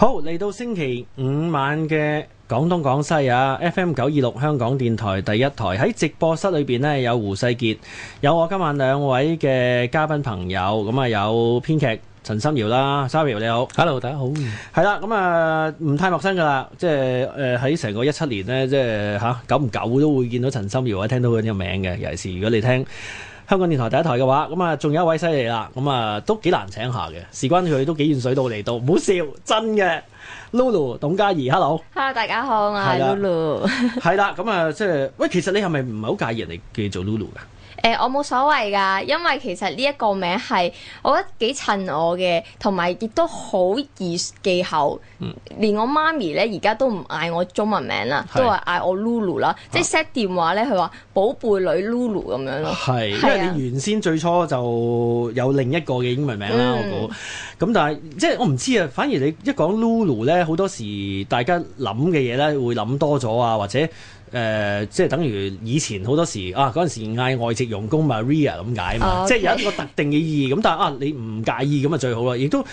好嚟到星期五晚嘅廣東廣西啊，F.M. 九二六香港電台第一台喺直播室裏邊呢，有胡世杰，有我今晚兩位嘅嘉賓朋友，咁啊有編劇陳心遙啦，Sara 你好，Hello 大家好，係啦，咁啊唔太陌生噶啦，即係誒喺成個一七年呢，即係吓久唔久都會見到陳心遙啊，聽到佢呢個名嘅，尤其是如果你聽。香港電台第一台嘅話，咁、嗯、啊，仲有一位犀利啦，咁、嗯、啊、嗯，都幾難請下嘅。事關佢都幾遠水到嚟到，唔好笑，真嘅。Lulu，董嘉儀，hello。Hello，大家好，我係 Lulu 係啦，咁啊，即係，喂，其實你係咪唔係好介意人哋叫做 Lulu 噶？誒、欸、我冇所謂㗎，因為其實呢一個名係我覺得幾襯我嘅，同埋亦都好易記後。嗯、連我媽咪呢而家都唔嗌我中文名啦，是都話嗌我 Lulu 啦。啊、即係 set 電話呢。佢話寶貝女 Lulu 咁樣咯。係，因為你原先最初就有另一個嘅英文名啦，我估。咁但係即係我唔知啊，反而你一講 Lulu 呢，好多時大家諗嘅嘢呢會諗多咗啊，或者～誒，即係等於以前好多時啊，嗰陣時嗌外籍傭工 Maria 咁解嘛，即係有一個特定嘅意義。咁但係啊，你唔介意咁啊最好啦。亦都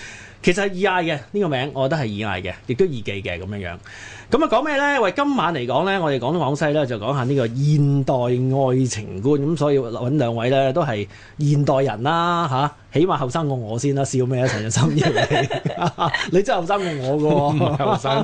其實係易嗌嘅呢個名，我覺得係易嗌嘅，亦都易記嘅咁樣樣。咁啊講咩咧？為今晚嚟講咧，我哋講東講西咧，就講下呢個現代愛情觀。咁所以揾兩位咧都係現代人啦嚇，起碼後生過我先啦。笑咩啊陳生，你你真係後生過我嘅喎。